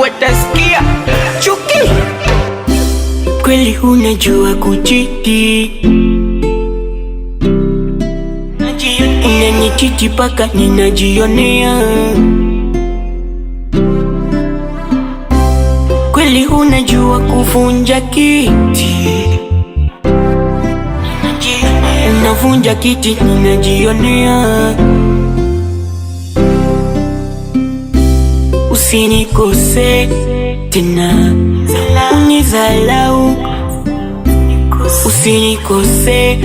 watasikia chuki. Kweli unajua kuchiti, unanichiti paka ninajionea. Kweli unajua kuvunja kiti, unavunja kiti ninajionea usinikose tena, unidharau usinikose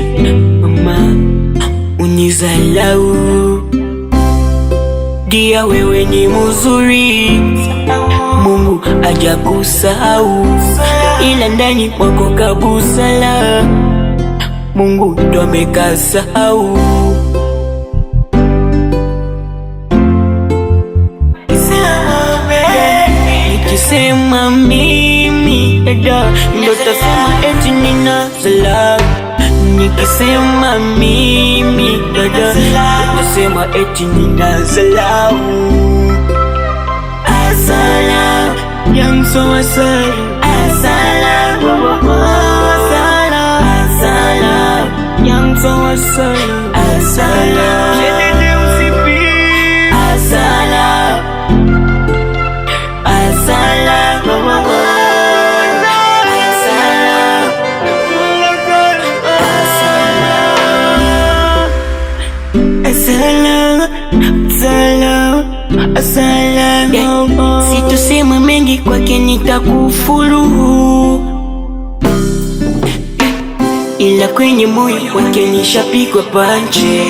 mama, unizalau dia, wewe ni mzuri, Mungu ajakusahau, ila ndani mwako kabusala, Mungu ndo amekasahau ukisema mimi eda, ndo tasema eti nina zala, nikisema mimi eda, ndo tasema eti nina zala, asala yam so asala asala asala yam so asala asala Yeah, situseme mengi kwake nitakufuluhu, ila kwenye moyo kwake nishapigwa panje.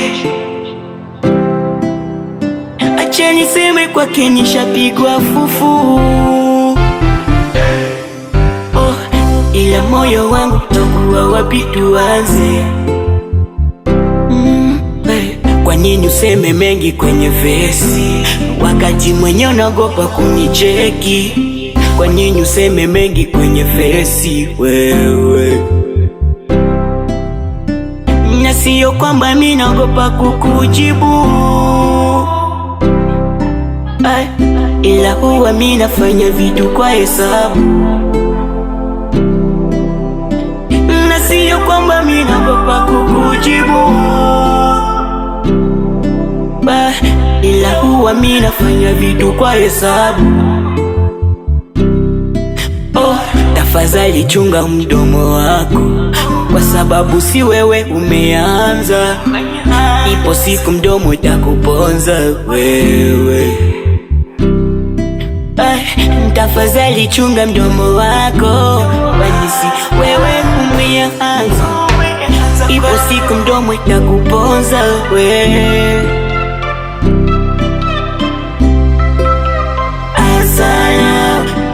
Acha niseme kwake nishapigwa fufu, oh, ila moyo wangu tokuwa wapi tuanze useme mengi kwenye vesi, wakati mwenye unagopa kunicheki. Kwa nini useme mengi kwenye vesi wewe? nasiyo sio kwamba minagopa naogopa kukujibu, eh, ila huwa minafanya nafanya vitu kwa hesabu na sio kwamba mimi kukujibu ba, ila huwa mimi nafanya vitu kwa hesabu. Oh, tafadhali chunga mdomo wako, kwa sababu si wewe umeanza. Ipo siku mdomo utakuponza wewe. Eh, tafadhali chunga mdomo wako, wanisi wewe umeanza. Ipo siku mdomo itakuponza wewe.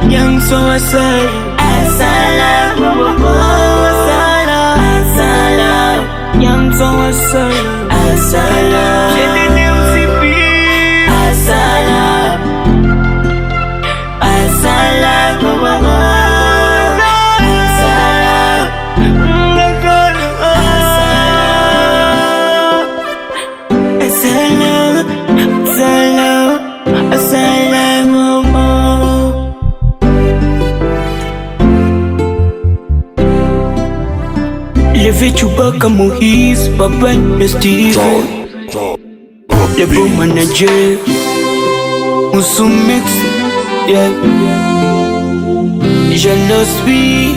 yang sumasay Asala Asala Asala yang sumasay Asala Ve Chewbacca muhis baban ya Le beau manager on mix yeah. Je suis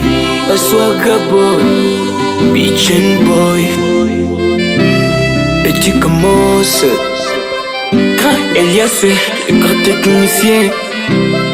pas swagger boy bitch and boy Et tu commences Grand Elias, grand technicien